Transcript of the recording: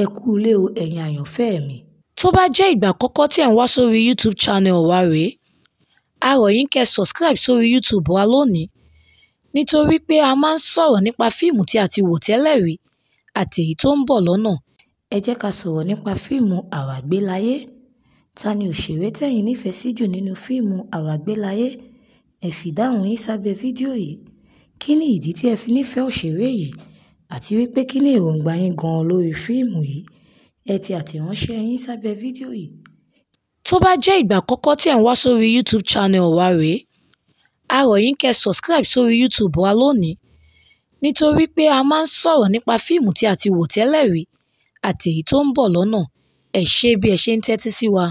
Ẹ kú ilé o ẹ̀yin àyànfẹ́ mi. Tó bá jẹ́ ìgbà àkọ́kọ́ tí ẹ̀ ń wá sórí YouTube channel wa rèé, a rọ̀ yín kẹ́ ẹ subscribe sórí YouTube wa lónìí nítorí pé a máa ń sọ̀rọ̀ nípa fíìmù tí a ti wò tẹ́lẹ̀ rí àti èyí tó ń bọ̀ lọ́nà. Ẹ jẹ́ ká sọ̀rọ̀ nípa fíìmù Àràgbélayé. Ta ni òṣèré tẹ́yin nífẹ̀ẹ́ sí jù nínú fíìmù Àràgbélayé? Ẹ fìdáhùn yín sábẹ́ fídíò yìí. Kí ni ìdí tí ẹ fi nífẹ̀ẹ́ òṣèré yìí? àti wípé kí ni èròǹgbà yín gan-an lórí fíìmù yìí? Ẹ ti àtẹ̀ránṣẹ́ yín sábẹ́ fídíò yìí. Tó bá jẹ́ ìgbà àkọ́kọ́ tí ẹ̀ ń wá sórí YouTube channel wa rèé, a rọ̀ yín kí ẹ subscribe sórí YouTube wa lónìí nítorí pé a máa ń sọ̀rọ̀ nípa fíìmù tí a ti wò tẹ́lẹ̀ rí àti èyí tó ń bọ̀ lọ́nà. Ẹ ṣé bí ẹ ṣe ń tẹ́tí sí wa.